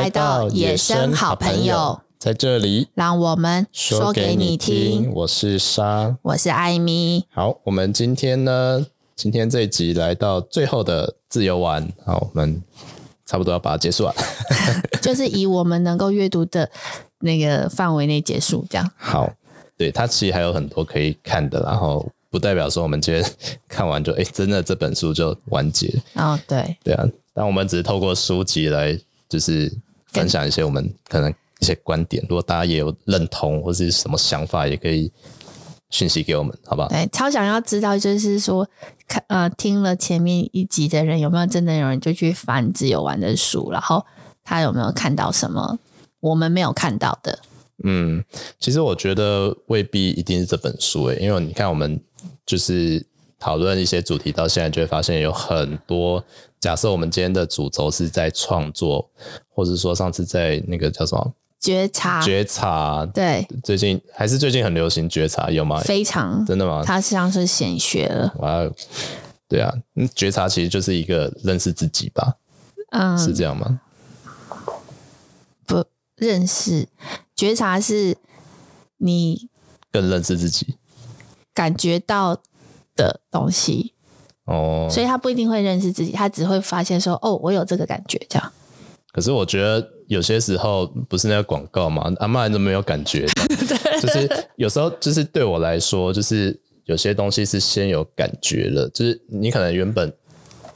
來到野生好朋友，在這裡，讓我們說給你聽。我是莎，我是艾米。好，我們今天呢，今天這一集來到最後的自由玩。好，我們差不多要把它結束了， 就是以我們能夠閱讀的那個範圍內結束，這樣好。對，它其實還有很多可以看的，然後不代表說我們今天看完就哎、欸，真的這本書就完結。哦，對，對啊。但我們只是透過書籍來，就是。分享一些我們可能一些觀點，如果大家也有認同或者是什麼想法，也可以訊息給我們，好不好？對，超想要知道，就是說，看呃，聽了前面一集的人有沒有真的有人就去翻《自由玩》的書，然後他有沒有看到什麼我們沒有看到的？嗯，其實我覺得未必一定是這本書誒、欸，因為你看我們就是。討論一些主題，到現在就會發現有很多假設。我們今天的主軸是在創作，或者說上次在那個叫什麼覺察？覺察對，最近還是最近很流行覺察，有嗎？非常真的嗎？它像是顯學了啊？Wow, 對啊，嗯，覺察其實就是一個認識自己吧？嗯，是這樣嗎？不認識覺察是你更認識自己，感覺到。的東西哦，所以他不一定會認識自己，他只會發現說，哦，我有這個感覺這樣。可是我覺得有些時候不是那個廣告嘛，阿嬤都沒有感覺， 對 就是有時候就是對我來說，就是有些東西是先有感覺了，就是你可能原本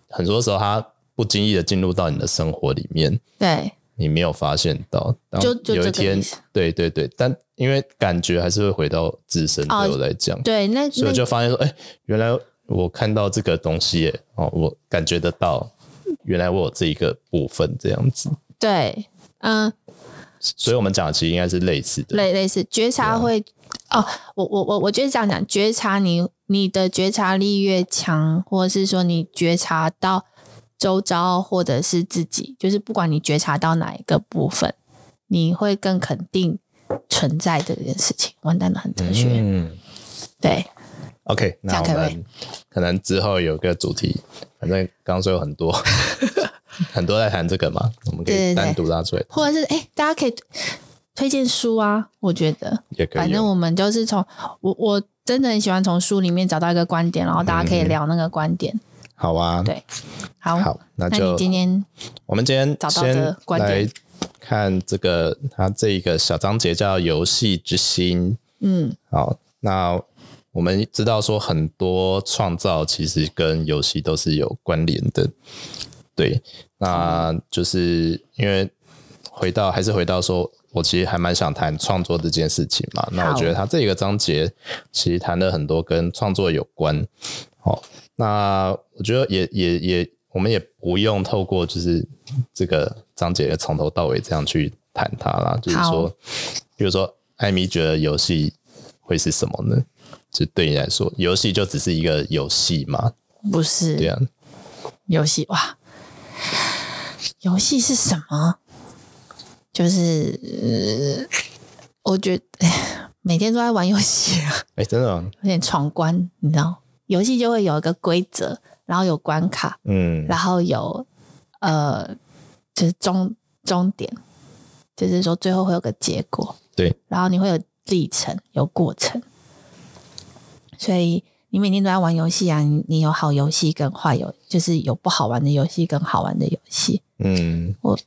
很多時候他不經意的進入到你的生活裡面，對。你沒有發現到，然後就有一天，對對對，但因為感覺還是會回到自身對我來講，哦，對，那所以我就發現說，哎那、欸，原來我看到這個東西，欸，哦，我感覺得到，原來我有這一個部分這樣子，對，嗯，所以我們講的其實應該是類似的，類類似覺察會，啊、哦，我我我我覺得是這樣講，覺察你你的覺察力越強，或者是說你覺察到周遭或者是自己，就是不管你覺察到哪一個部分，你會更肯定存在這件事情。完蛋了，很哲學。嗯，對。OK，< 這樣 S 2> 那我們可，以可能之後有個主題，反正剛剛說有很多， 很多在談這個嘛，我們可以單獨拉出來對對對。或者是哎，大家可以推薦書啊，我覺得也可以。反正我們就是從我，我真的很喜歡從書裡面找到一個觀點，然後大家可以聊那個觀點。嗯好啊，對，好，好，那就今天，我們今天找到這個觀點，先來看這個，它這一個小章節叫“遊戲之心”。嗯，好，那我們知道說很多創造其實跟遊戲都是有關聯的，對。那就是因為回到還是回到說，我其實還蠻想談創作這件事情嘛。好那我覺得他這個章節其實談了很多跟創作有關，好。那我覺得也也也，我們也不用透過就是這個章節從頭到尾這樣去談它啦，就是說，比好如說，艾米覺得遊戲會是什麼呢？就對你來說，遊戲就只是一個遊戲嗎？不是。對呀、啊，遊戲哇，遊戲是什麼？就是我覺得每天都在玩遊戲啊。哎、欸，真的有點闖關，你知道。遊戲就會有一個規則，然後有關卡，嗯，然後有呃，就是終終點，就是說最後會有個結果，對，然後你會有歷程，有過程，所以你每天都在玩遊戲啊，你你有好遊戲跟壞遊，就是有不好玩的遊戲跟好玩的遊戲，嗯，我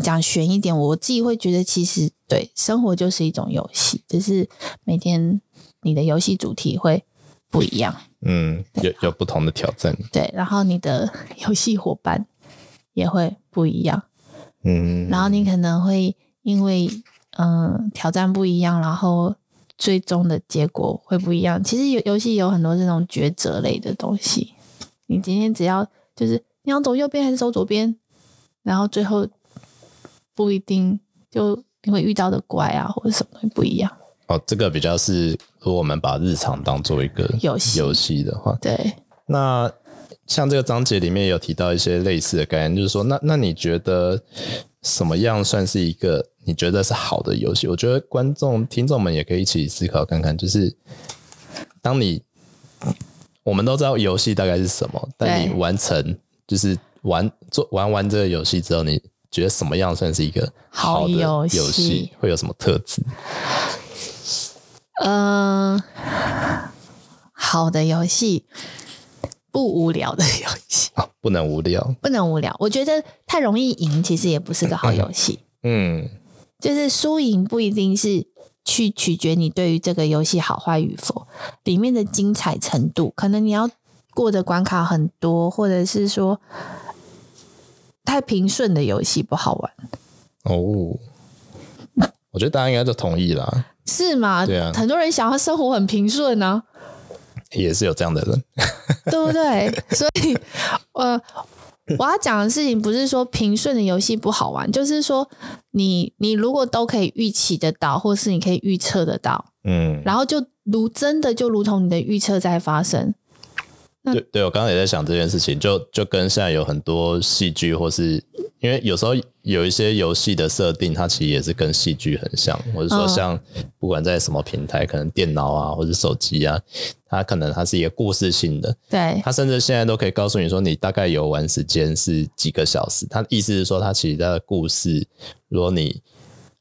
講玄一點，我自己會覺得其實對生活就是一種遊戲，只，就是每天你的遊戲主題會不一樣。嗯，有有不同的挑戰，對、啊，對，然後你的遊戲夥伴也會不一樣，嗯，然後你可能會因為嗯、呃、挑戰不一樣，然後最終的結果會不一樣。其實遊遊戲有很多這種抉擇類的東西，你今天只要就是你要走右邊還是走左邊，然後最後不一定就你會遇到的怪啊或者什麼東西不一樣。哦，這個比較是。如果我們把日常當做一個遊戲的話，對。那像這個章節裡面有提到一些類似的概念，就是說，那那你覺得什麼樣算是一個你覺得是好的遊戲？我覺得觀眾聽眾們也可以一起思考看看，就是當你我們都知道遊戲大概是什麼，但你完成對就是玩做玩完這個遊戲之後，你覺得什麼樣算是一個好的遊戲？會有什麼特質？嗯、呃，好的遊戲，不無聊的遊戲啊，不能無聊，不能無聊。我覺得太容易贏，其實也不是個好遊戲。嗯，就是輸贏不一定是去取決你對於這個遊戲好壞與否，裡面的精彩程度，可能你要過的關卡很多，或者是說太平順的遊戲不好玩哦。我覺得大家應該都同意啦，是嗎嘛？對啊，很多人想要生活很平順啊，也是有這樣的人，對不對？ 所以，呃， 我要講的事情不是說平順的遊戲不好玩，就是說你你如果都可以預期得到，或是你可以預測得到，嗯，然後就如真的就如同你的預測在發生。嗯、對對，我剛剛也在想這件事情，就就跟現在有很多戲劇，或是因為有時候有一些遊戲的設定，它其實也是跟戲劇很像，或者說像不管在什麼平台，哦、可能電腦啊或者手機啊，它可能它是一個故事性的，對，它甚至現在都可以告訴你說你大概遊玩時間是幾個小時，它的意思是說它其實它的故事，如果你。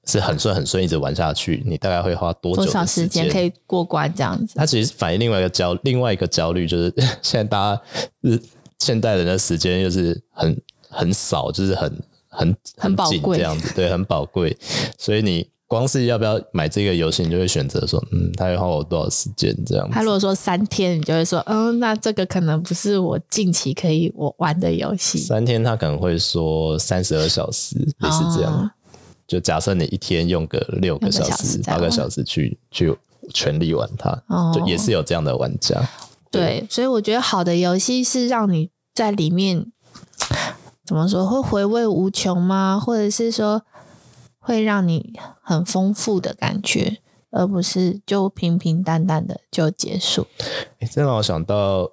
是很順很順，一直玩下去，你大概會花多久時間可以過關這樣子？它其實反映另外一個焦另外一個焦慮，就是現在大家日現代人的時間又是很很少，就是很很很寶貴這樣子，對，很寶貴。 所以你光是要不要買這個遊戲，你就會選擇說，嗯，他會花我多少時間這樣子？他如果說三天，你就會說，嗯，那這個可能不是我近期可以我玩的遊戲。三天，他可能會說三十二小時也是這樣。哦就假設你一天用個六個小時、六個小時這樣八個小時去去全力玩它，哦、就也是有這樣的玩家。對，對，所以我覺得好的遊戲是讓你在裡面怎麼說會回味無窮嗎？或者是說會讓你很豐富的感覺，而不是就平平淡淡的就結束。欸、這讓我想到，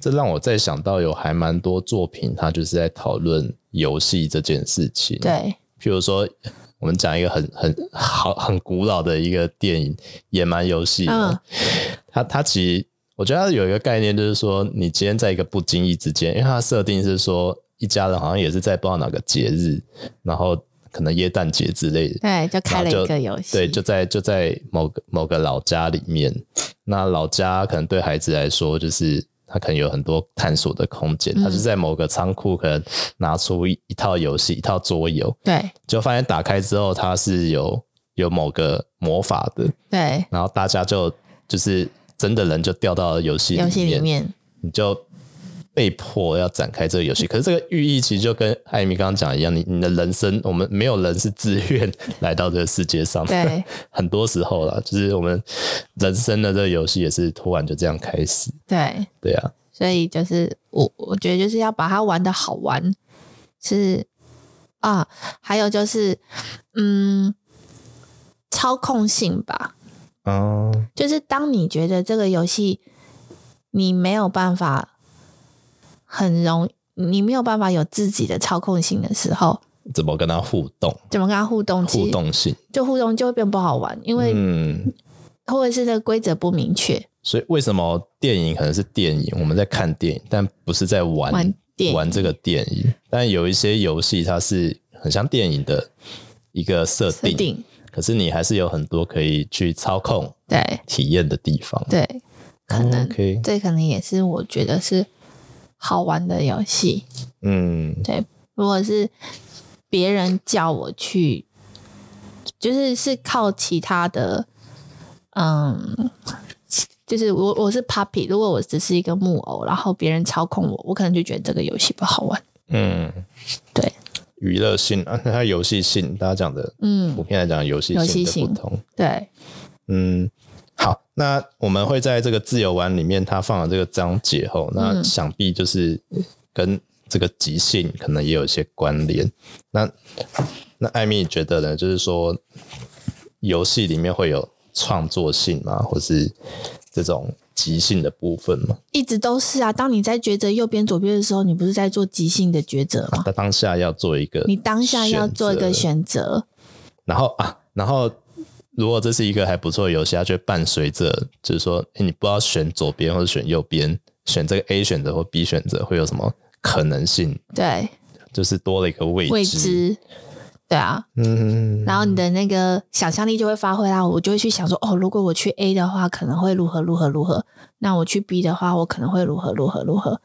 這讓我再想到有還蠻多作品，它就是在討論遊戲這件事情。對，譬如說。我們講一個很很好很古老的一個電影《野蠻遊戲》。嗯，它它其實我覺得它有一個概念，就是說你今天在一個不經意之間，因為它設定是說一家人好像也是在不知道哪個節日，然後可能耶誕節之類的，對，就開了一個遊戲，對，就在就在某個某個老家裡面。那老家可能對孩子來說，就是。他可能有很多探索的空間，他就在某個倉庫可能拿出一,一套遊戲，一套桌遊，對，就發現打開之後它是有有某個魔法的，對，然後大家就就是真的人就掉到遊戲裡面，遊戲裡面，你就。被迫要展開這個遊戲，可是這個寓意其實就跟艾米剛剛講一樣，你，你的人生，我們沒有人是自願來到這個世界上，對，很多時候啦，就是我們人生的這個遊戲也是突然就這樣開始，對，對呀、啊，所以就是我，我覺得就是要把它玩的好玩，是啊，還有就是嗯，操控性吧，哦、uh，就是當你覺得這個遊戲你沒有辦法。很容易，你沒有辦法有自己的操控性的時候，怎麼跟他互動？怎麼跟他互動？互動性就互動就會變不好玩，因為嗯，或者是這個規則不明確、嗯。所以為什麼電影可能是電影，我們在看電影，但不是在玩玩，玩這個電影。但有一些遊戲，它是很像電影的一個設定，定可是你還是有很多可以去操控、對體驗的地方對。對，可能 Okay. 這可能也是我覺得是。好玩的遊戲，嗯，對。如果是別人叫我去，就是是靠其他的，嗯，就是我我是 puppy，如果我只是一個木偶，然後別人操控我，我可能就覺得這個遊戲不好玩。嗯，對。娛樂性啊，它遊戲性，大家講的，嗯，普遍來講，遊戲遊戲性不同，對，嗯。好，那我們會在這個自由玩裡面，它放了這個章節後，那想必就是跟這個即興可能也有一些關聯。那那艾米覺得呢？就是說，遊戲裡面會有創作性嗎？或是這種即興的部分嘛？一直都是啊，當你在抉擇右邊、左邊的時候，你不是在做即興的抉擇嗎？那，啊，當下要做一個選，你當下要做一個選擇，然後啊，然後。如果這是一個還不錯的遊戲，它就伴隨着，就是說，你不知道選左邊或者選右邊，選這個 A 選擇或 B 選擇會有什麼可能性？對，就是多了一個未知。未知對啊，嗯。然後你的那個想象力就會發揮到、啊，我就會去想說，哦，如果我去 A 的話，可能會如何如何如何？那我去 B 的話，我可能會如何如何如何？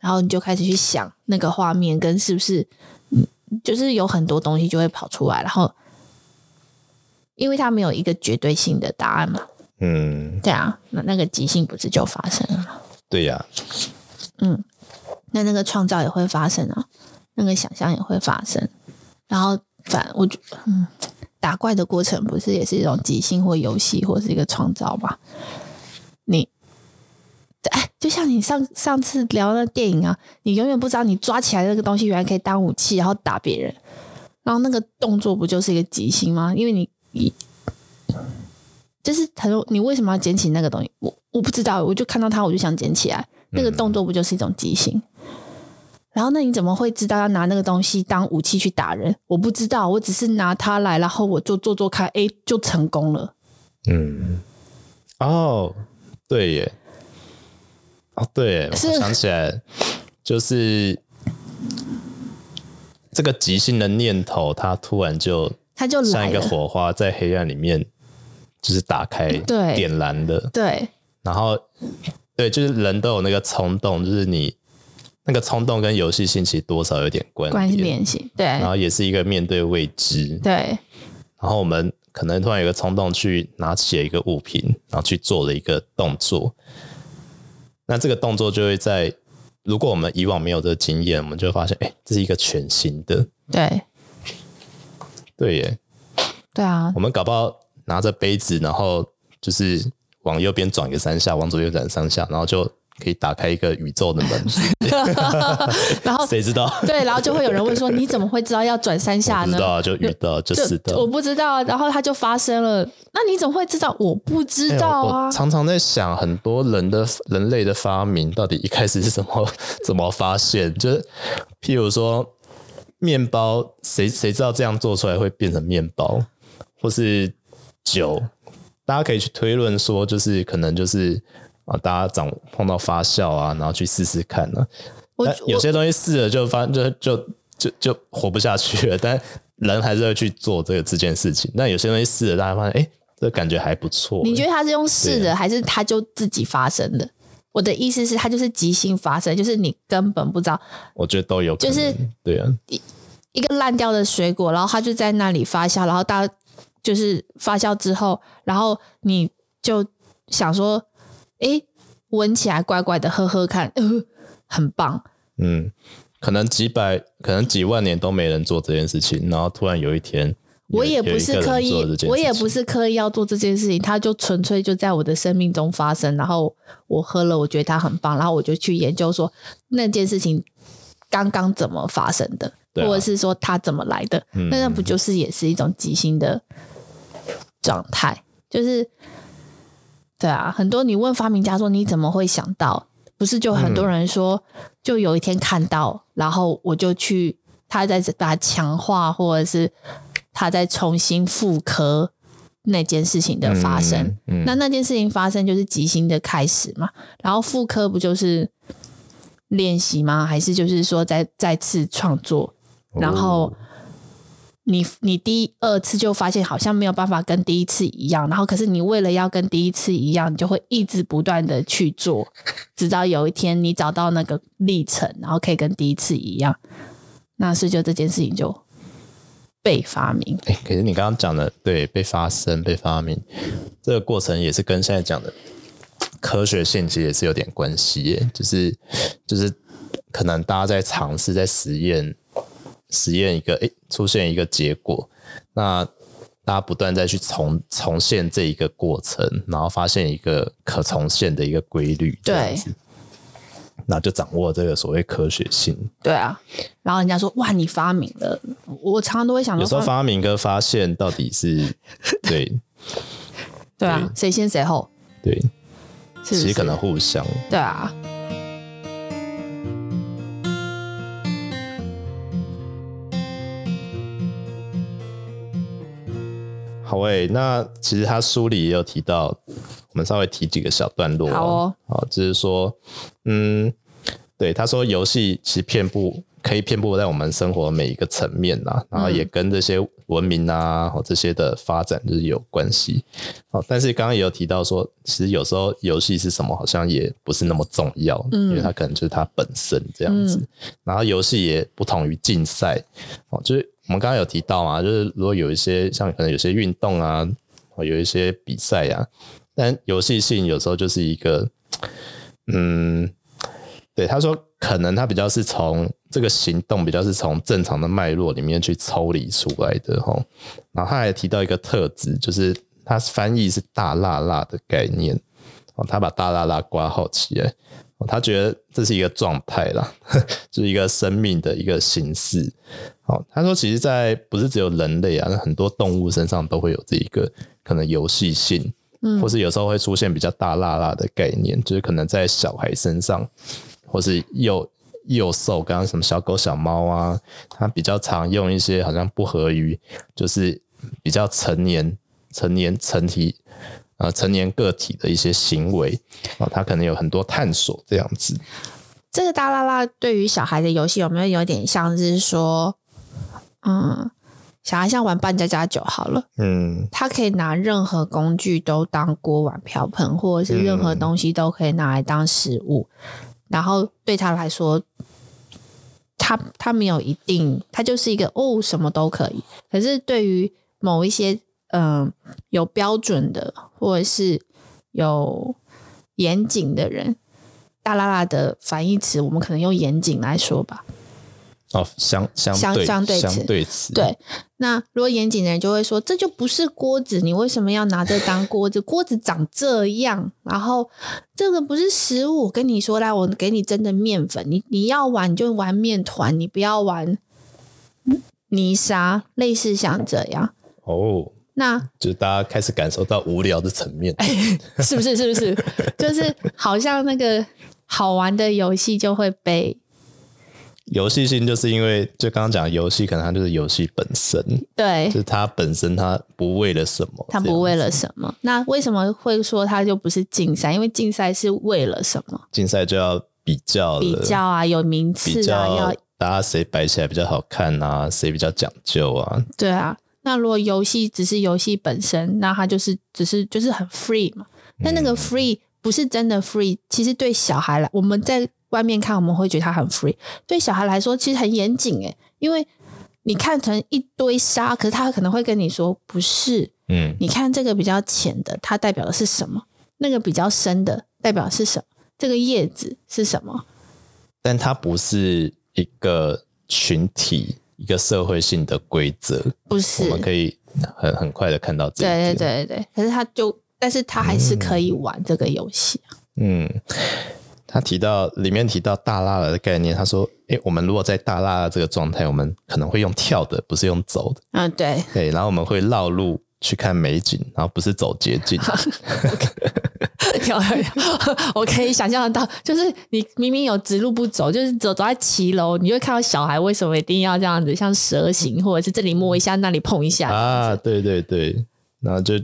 然後你就開始去想那個畫面跟是不是，就是有很多東西就會跑出來，然後。因為他沒有一個絕對性的答案嘛，嗯，對啊，那那個即興不是就發生了嗎？對呀，啊，嗯，那那個創造也會發生啊，那個想象也會發生，然後反我就嗯，打怪的過程不是也是一種即興或遊戲或是一個創造嗎？你，哎，就像你上上次聊的電影啊，你永遠不知道你抓起來那個東西原來可以當武器，然後打別人，然後那個動作不就是一個即興嗎？因為你。一就是他說：“你為什麼要撿起那個東西？”我我不知道，我就看到他，我就想撿起來。那個動作不就是一種即興？嗯、然後那你怎麼會知道要拿那個東西當武器去打人？我不知道，我只是拿它來，然後我就做做看，哎，就成功了。嗯，哦、oh, 對耶，哦、oh, 對耶，是我想起來，就是這個即興的念頭，他突然就。它就像一個火花在黑暗裡面，就是打開、點燃的。對，對，然後對，就是人都有那個衝動，就是你那個衝動跟遊戲性其實多少有點關聯性，關係。對，然後也是一個面對未知。對，然後我們可能突然有個衝動去拿起了一個物品，然後去做了一個動作。那這個動作就會在如果我們以往沒有這個經驗，我們就會發現，哎，這是一個全新的。對。對耶，對啊，我們搞不好拿着杯子，然後就是往右邊轉個三下，往左邊轉三下，然後就可以打開一個宇宙的門。 然後誰知道？對，然後就會有人問說：“ 你怎麼會知道要轉三下呢？”不知道，就遇到你就是的，我不知道，然後它就發生了，那你怎麼會知道？我不知道啊。欸、常常在想，很多人的人類的發明到底一開始是怎麼怎麼發現？就是，譬如說。麵包，誰誰知道這樣做出來會變成麵包，或是酒？大家可以去推論說，就是可能就是啊，大家長碰到發酵啊，然後去試試看呢、啊。我但有些東西試了就發，就就就就活不下去了。但人還是會去做這個這件事情。那有些東西試了，大家發現哎、欸，這感覺還不錯、欸。你覺得他是用試的，啊、還是他就自己發生的？我的意思是，它就是即興發生，就是你根本不知道。我覺得都有可能。就是、對啊，一一個爛掉的水果，然後它就在那裡發酵，然後大就是發酵之後，然後你就想說，哎、欸，聞起來怪怪的喝喝，喝喝看，呃，很棒。嗯，可能幾百，可能幾萬年都沒人做這件事情，然後突然有一天。我也不是刻意，也我也不是刻意要做這件事情，它就純粹就在我的生命中發生。然後我喝了，我覺得它很棒，然後我就去研究說那件事情剛剛怎麼發生的，啊、或者是說它怎麼來的。那、嗯、那不就是也是一種即興的狀態？就是對啊，很多你問發明家說你怎麼會想到？不是就很多人說，就有一天看到，嗯、然後我就去他再把它強化，或者是。他在重新複刻那件事情的發生，嗯嗯嗯、那那件事情發生就是即興的開始嘛。然後複刻不就是練習嗎？還是就是說再再次創作？哦、然後你你第二次就發現好像沒有辦法跟第一次一樣，然後可是你為了要跟第一次一樣，你就會一直不斷的去做，直到有一天你找到那個歷程，然後可以跟第一次一樣。那是就這件事情就。被發明，欸、可是你剛剛講的對，被發生、被發明，這個過程也是跟現在講的科學性其實也是有點關係，耶，就是就是可能大家在嘗試、在實驗、實驗一個、欸，出現一個結果，那大家不斷再去重重現這一個過程，然後發現一個可重現的一個規律，對。那就掌握這個所謂科學性，對啊。然後人家說，哇，你發明了。我常常都會想到，有時候發明跟發現到底是 對對啊，誰對先誰後？對，是不是？其實可能互相。對啊。好、欸，喂，那其實他書裡也有提到，我們稍微提幾個小段落。哦，好，就是說，嗯，對，他說遊戲其實遍佈，可以遍佈在我們生活的每一個層面吶，然後也跟這些文明啊或這些的發展就是有關係。哦、嗯，但是剛剛也有提到說，其實有時候遊戲是什麼，好像也不是那麼重要，嗯，因為它可能就是它本身這樣子。嗯、然後遊戲也不同於競賽，哦，就是。我們剛剛有提到啊，就是如果有一些像可能有些運動啊，有一些比賽呀，啊，但遊戲性有時候就是一個，嗯，對，他說可能他比較是從這個行動比較是從正常的脈絡裡面去抽離出來的齁。然後他還提到一個特質，就是他翻譯是“大辣辣”的概念。他把“大辣辣”括號起來，他覺得這是一個狀態啦， 就是一個生命的一個形式。哦，他說，其實，在不是只有人類啊，很多動物身上都會有這一個可能遊戲性，嗯，或是有時候會出現比較大剌剌的概念，就是可能在小孩身上，或是幼幼獸，剛剛什麼小狗、小貓啊，它比較常用一些好像不合於就是比較成年、成年成體啊、呃，成年個體的一些行為哦，它可能有很多探索這樣子。這個大剌剌對於小孩的遊戲有沒有有點像是說？嗯，想一下玩扮家家酒好了。嗯，他可以拿任何工具都當鍋碗瓢盆，或者是任何東西都可以拿來當食物。嗯、然後對他來說，他他沒有一定，他就是一個哦，什麼都可以。可是對於某一些嗯、呃、有標準的或者是有嚴謹的人，大啦啦的反義詞，我們可能用嚴謹來說吧。哦，相相對相，相對詞，對，對，那如果嚴謹的人就會說，這就不是鍋子，你為什麼要拿這當鍋子？鍋 子長這樣，然後這個不是食物。我跟你說，來，我給你真的麵粉，你你要玩你就玩麵團，你不要玩泥沙，類似像這樣。哦，那就大家開始感受到無聊的層面， 是不是？是不是？就是好像那個好玩的遊戲就會被。遊戲性就是因為就剛剛講遊戲，可能它就是遊戲本身，對，就是它本身它不為了什麼，它不為了什麼。那為什麼會說它就不是競賽？因為競賽是為了什麼？競賽就要比較，比較啊，有名次啊，要大家誰擺起來比較好看啊，誰比較講究啊。對啊。那如果遊戲只是遊戲本身，那它就是只是就是很 free 嘛。但那個 free 不是真的 free，其實對小孩來，我們在。外面看我們會覺得他很 free，對小孩來說其實很嚴謹哎，因為你看成一堆沙，可是他可能會跟你說不是，嗯，你看這個比較淺的，它代表的是什麼？那個比較深的代表的是什麼？這個葉子是什麼？但它不是一個群體，一個社會性的規則，不是？我們可以很很快的看到這，對對對對。可是他就，但是他還是可以玩這個遊戲嗯。嗯他提到裡面提到大拉的概念，他說：“哎、欸，我們如果在大拉的這個狀態，我們可能會用跳的，不是用走的。嗯，對，對。然後我們會繞路去看美景，然後不是走捷徑。哈哈、啊，我可以想象得到，就是你明明有直路不走，就是走走在騎樓，你會看到小孩為什麼一定要這樣子，像蛇行，嗯、或者是這裡摸一下，嗯、那裡碰一下啊？對，對對對，那就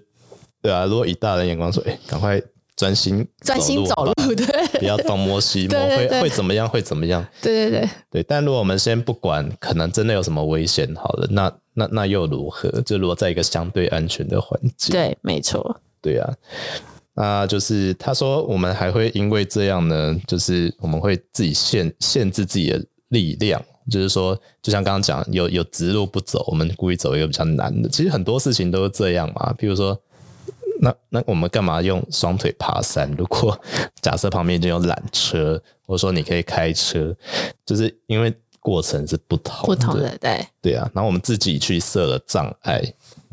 對啊。如果以大人眼光說，哎、欸，趕快。”專心，專心走路，對，不要東摸西摸，對對對，會會怎麼樣？會怎麼樣？對對對對。但如果我們先不管，可能真的有什麼危險，好了，那那那又如何？就如果在一個相對安全的環境。對，沒錯。對啊。那就是他說，我們還會因為這樣呢，就是我們會自己限限制自己的力量，就是說，就像剛剛講，有有直路不走，我們故意走一個比較難的。其實很多事情都是這樣嘛，譬如說。那那我們幹嘛用雙腿爬山？如果假設旁邊就有纜車，或者說你可以開車，就是因為過程是不同的不同的，對對啊。然後我們自己去設了障礙，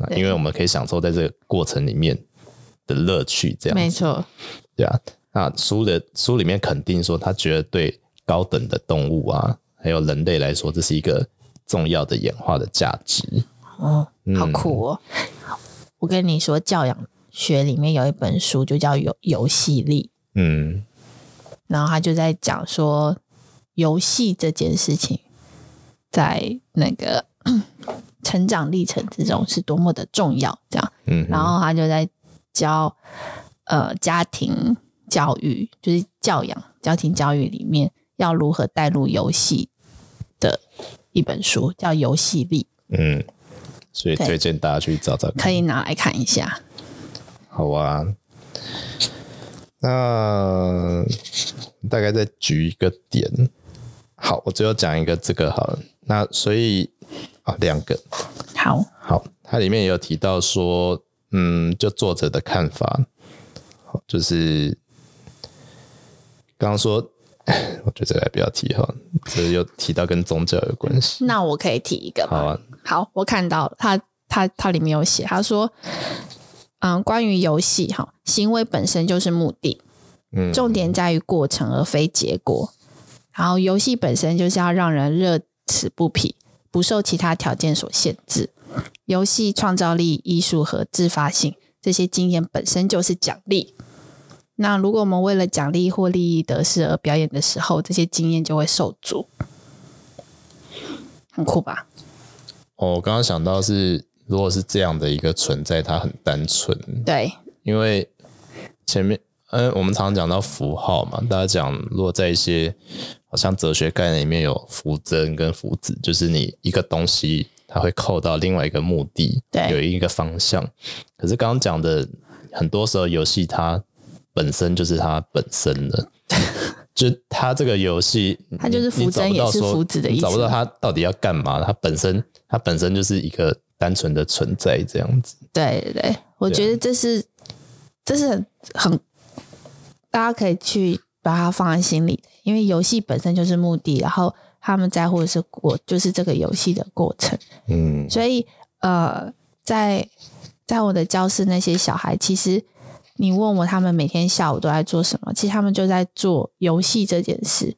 對因為我們可以享受在這個過程裡面的樂趣。這樣子沒錯錯，對啊。那書的書裡面肯定說，他覺得對高等的動物啊，還有人類來說，這是一個重要的演化的價值。哦，嗯、好酷哦！我跟你說教養學裡面有一本書就叫《遊遊戲力》，嗯，然後他就在講說遊戲這件事情在那個成長歷程之中是多麼的重要，這樣，嗯哼，然後他就在教呃家庭教育，就是教養家庭教育裡面要如何帶入遊戲的一本書，叫《遊戲力》，嗯，所以推薦大家去找找可，可以拿來看一下。好啊，那大概再舉一個點。好，我最後講一個這個好了。那所以啊，兩個好，好，它裡面也有提到說，嗯，就作者的看法，就是剛剛說，我覺得這個還不要提哈，哦、 這又提到跟宗教有關係。那我可以提一個好、啊、好，我看到它，它，它裡面有寫，他說。嗯，關於遊戲哈，行為本身就是目的，嗯，重點在於過程而非結果。然後，遊戲本身就是要讓人樂此不疲，不受其他條件所限制。遊戲創造力、藝術和自發性這些經驗本身就是獎勵。那如果我們為了獎勵或利益得失而表演的時候，這些經驗就會受阻。很酷吧？哦，我剛剛想到是。如果是這樣的一個存在，它很單純。對，因為前面，嗯，我們常常講到符號嘛，大家講，如果在一些好像哲學概念裡面有符徵跟符旨，就是你一個東西，它會扣到另外一個目的，對有一個方向。可是剛剛講的，很多時候遊戲它本身就是它本身的， 就它這個遊戲，它就是符徵找不到也是符旨的意思，找不到它到底要幹嘛，它本身，它本身就是一個。單純的存在這樣子，對對對，我覺得這是對這是很，很，大家可以去把它放在心裡，因為遊戲本身就是目的，然後他們在乎的是過就是這個遊戲的過程，嗯，所以呃，在在我的教室那些小孩，其實你問我他們每天下午都在做什麼，其實他們就在做遊戲這件事，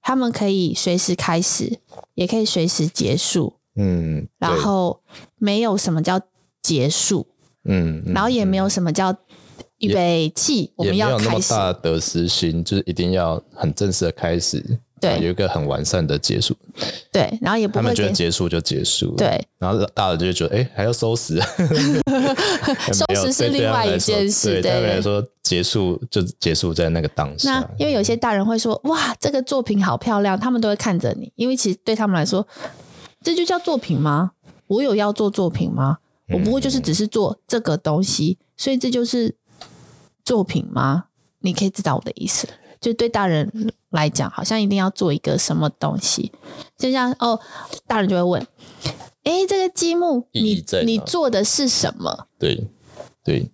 他們可以隨時開始，也可以隨時結束。嗯，然後沒有什麼叫結束，嗯，然後也沒有什麼叫預備起，我們要開始。大的得失心，就是一定要很正式的開始，對，有一個很完善的結束，對，然後也不會。他們覺得結束就結束，對，然後大人就會覺得哎，還要收拾，收拾是另外一件事。對，對他們來說結束就結束在那個當下。那因為有些大人會說哇，這個作品好漂亮，他們都會看着你，因為其實對他們來說。這就叫作品嗎？我有要做作品嗎？我不過就是只是做這個東西，嗯，所以這就是作品嗎？你可以知道我的意思。就對大人來講，好像一定要做一個什麼東西。就像哦，大人就會問：“誒，這個積木你，你你做的是什麼？”對，對。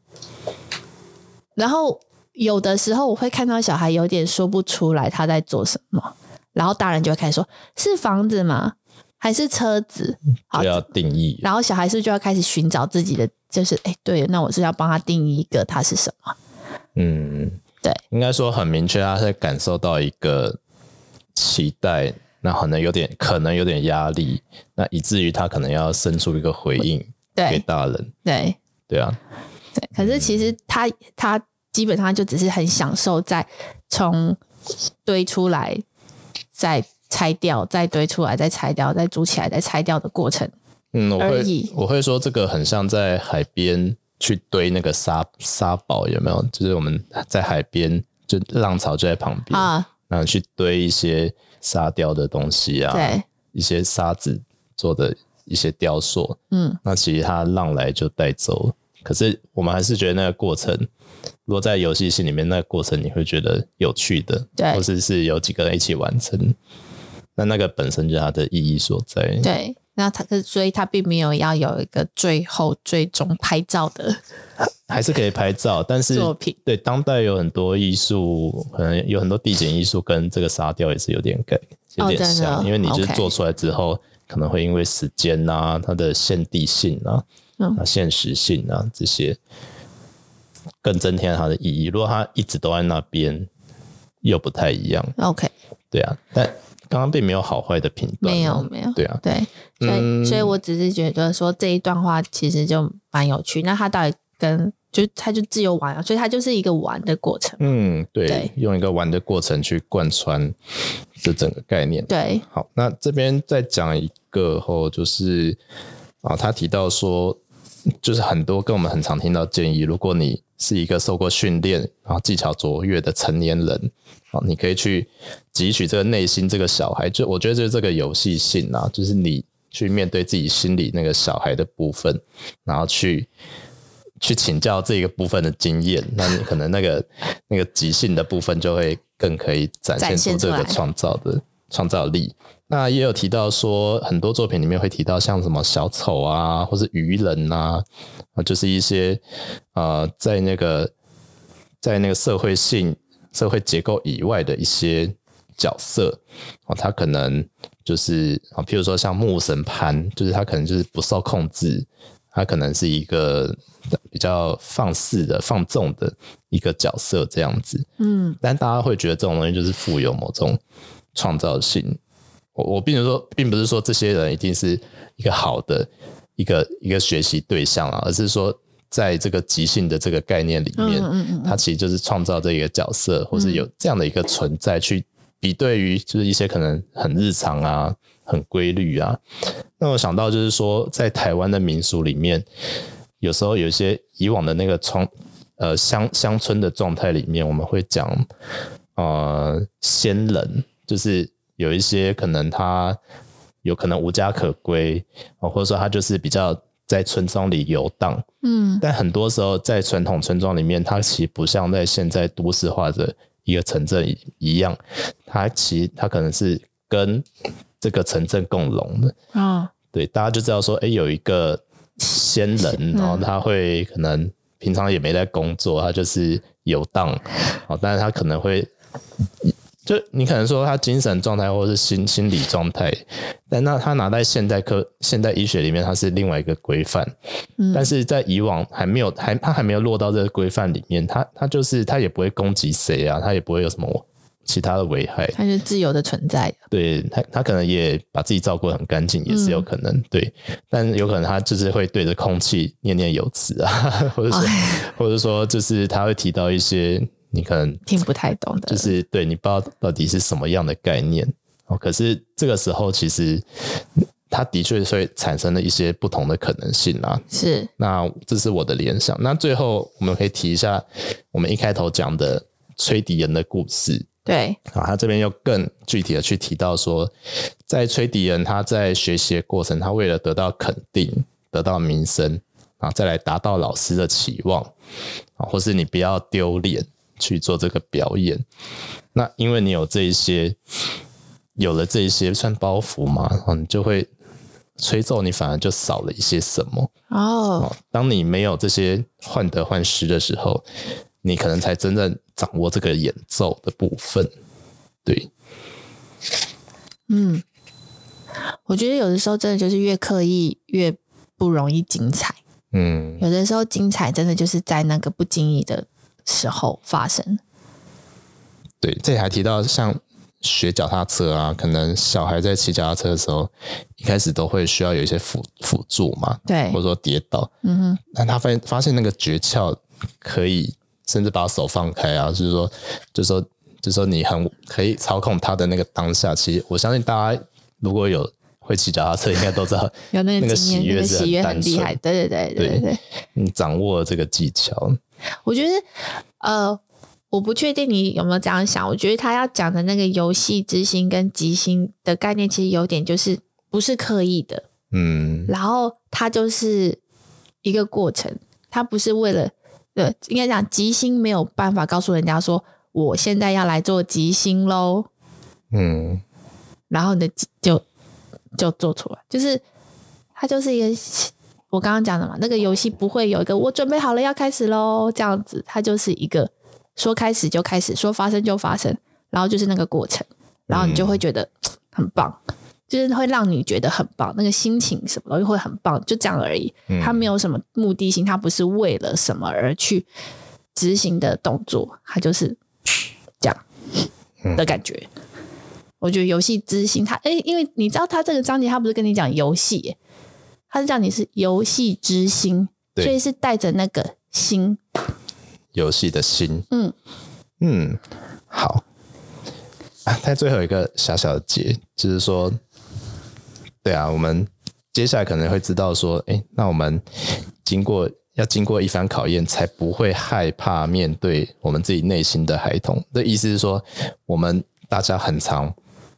然後有的時候我會看到小孩有點說不出來他在做什麼，然後大人就會開始說：“是房子嗎？”還是車子，好就要定義。然後小孩是不是就要開始尋找自己的？就是哎，對，那我是要幫他定義一個他是什麼？嗯，對。應該說很明確，他在感受到一個期待，那可能有點，可能有點壓力，那以至於他可能要生出一個回應，給大人。對，對，對啊。對，可是其實他、嗯、他基本上就只是很享受在從堆出來在。拆掉，再堆出來，再拆掉，再組起來，再拆掉的過程。嗯，我會，我會說這個很像在海邊去堆那個沙沙堡，有沒有？就是我們在海邊，就浪潮就在旁邊啊，然後去堆一些沙雕的東西啊，對，一些沙子做的一些雕塑。嗯，那其實它浪來就帶走，可是我們還是覺得那個過程，如果在遊戲室裡面，那個過程你會覺得有趣的，對，或者是，是有幾個人一起完成。那那個本身就它的意義所在。對，那它所以它並沒有要有一個最後最終拍照的，還是可以拍照，但是作品對當代有很多藝術，可能有很多地景藝術跟這個沙雕也是有點改有點像，哦、因為你就是做出來之後，Okay. 可能會因為時間啊、它的現地性啊、嗯、啊現實性啊這些，更增添它的意義。如果它一直都在那邊，又不太一樣。OK，對啊，但。剛剛並沒有好壞的評斷。沒有沒有，對啊，對，所以、嗯、所以我只是覺得說這一段話其實就蠻有趣。那他到底跟就他就自由玩啊，所以他就是一個玩的過程。嗯，對，對用一個玩的過程去貫穿這整個概念。對，好，那這邊再講一個後，就是啊、哦，他提到說。就是很多跟我們很常聽到建議，如果你是一個受過訓練，然後技巧卓越的成年人，啊，你可以去汲取這個內心這個小孩，就我覺得就是這個遊戲性啊，就是你去面對自己心裡那個小孩的部分，然後去去請教這個部分的經驗，那你可能那個 那個即興的部分就會更可以展現出這個創造的創造力。那也有提到說，很多作品裡面會提到像什麼小丑啊，或是愚人啊，啊，就是一些呃，在那個在那個社會性社會結構以外的一些角色哦，他，啊，可能就是啊，譬如說像牧神潘，就是他可能就是不受控制，他可能是一個比較放肆的放縱的一個角色這樣子。嗯，但大家會覺得這種東西就是富有某種創造性。我我並不是說並不是說這些人一定是一個好的一個一個學習對象啊，而是說在這個即興的這個概念裡面，嗯嗯嗯，他其實就是創造這一個角色，或是有這樣的一個存在，去比對於就是一些可能很日常啊、很規律啊。那我想到就是說，在台灣的民俗裡面，有時候有一些以往的那個村呃鄉鄉村的狀態裡面，我們會講呃仙人就是。有一些可能他有可能無家可歸或者說他就是比較在村莊裡遊蕩，嗯，但很多時候在傳統村莊裡面，他其實不像在現在都市化的一個城鎮一樣，他其實他可能是跟這個城鎮共榮的啊。哦、對，大家就知道說，哎、欸，有一個仙人，然後他會可能平常也沒在工作，他就是遊蕩，啊、哦，但是他可能會。就你可能說他精神狀態或是心心理狀態，但那他拿在現代科現代醫學裡面，他是另外一個規範。嗯。但是在以往還沒有還他還沒有落到這個規範裡面，他他就是他也不會攻擊誰啊，他也不會有什麼其他的危害。他是自由的存在啊。對，他他可能也把自己照顧得很乾淨，也是有可能。嗯。對，但有可能他就是會對着空氣念念有詞啊，或者說 或者說就是他會提到一些。你可能、就是、聽不太懂的，就是對你不知道到底是什麼樣的概念。哦，可是這個時候其實它的確會產生了一些不同的可能性啊。是，那這是我的聯想。那最後我們可以提一下，我們一開頭講的吹笛人的故事。對啊，他這邊又更具體的去提到說，在吹笛人他在學習的過程，他為了得到肯定、得到名聲啊，再來達到老師的期望啊，或是你不要丟臉。去做這個表演，那因為你有這一些，有了這一些算包袱嘛，你就會吹奏，你反而就少了一些什麼哦。Oh. 當你沒有這些患得患失的時候，你可能才真正掌握這個演奏的部分。對，嗯，我覺得有的時候真的就是越刻意越不容易精彩。嗯，有的時候精彩真的就是在那個不經意的時候發生，對，這裡還提到像學腳踏車啊，可能小孩在騎腳踏車的時候，一開始都會需要有一些輔輔助嘛，對，或者說跌倒，嗯哼，但他發現發現那個訣竅，可以甚至把手放開啊，就是說，就是說，就是說，你很可以操控他的那個當下。其實我相信大家如果有會騎腳踏車，應該都知道 有那個，那個喜悅，那個喜悅很厲害，對對對對對，對，你掌握了這個技巧。我覺得，呃，我不確定你有沒有這樣想。我覺得他要講的那個遊戲之心跟即興的概念，其實有點就是不是刻意的，嗯。然後他就是一個過程，他不是為了，對，應該講即興沒有辦法告訴人家說，我現在要來做即興嘍，嗯。然後你的就就做出來，就是他就是一個。我剛剛講的嘛，那個遊戲不會有一個我準備好了要開始嘍，這樣子，它就是一個說開始就開始，說發生就發生，然後就是那個過程，然後你就會覺得很棒，嗯、就是會讓你覺得很棒，那個心情什麼的會很棒，就這樣而已，它沒有什麼目的性，它不是為了什麼而去執行的動作，它就是這樣的感覺。嗯、我覺得遊戲之心它，它哎，因為你知道它這個章節，它不是跟你講遊戲、欸。他是叫你是遊戲之心，對所以是帶着那個心，遊戲的心。嗯嗯，好。啊，再最後一個小小的結，就是說，對啊，我們接下來可能會知道說，哎、欸，那我們經過要經過一番考驗，才不會害怕面對我們自己內心的孩童。的意思是說，我們大家很常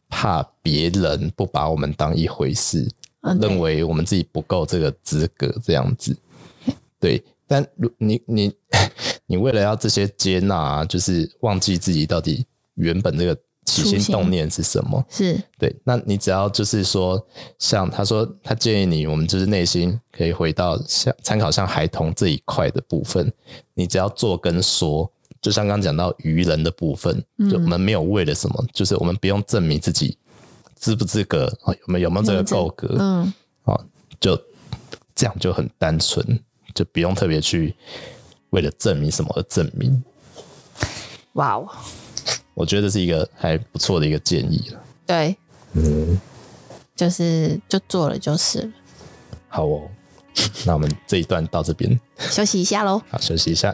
怕別人不把我們當一回事。啊、認為我們自己不夠這個資格，這樣子，對。但如你你你為了要這些接納，啊，就是忘記自己到底原本這個起心動念是什麼，是對。那你只要就是說，像他說，他建議你，我們就是內心可以回到像參考像孩童這一塊的部分，你只要做跟說，就像剛剛講到愚人的部分，就我們沒有為了什麼，嗯、就是我們不用證明自己。資不資格啊？有沒有，有沒有這個夠格？嗯，哦，就這樣就很單純，就不用特別去為了證明什麼而證明。哇哦，我覺得這是一個還不錯的一個建議了。對，嗯，就是就做了就是了。好哦，那我們這一段到這邊 休息一下嘍。好，休息一下。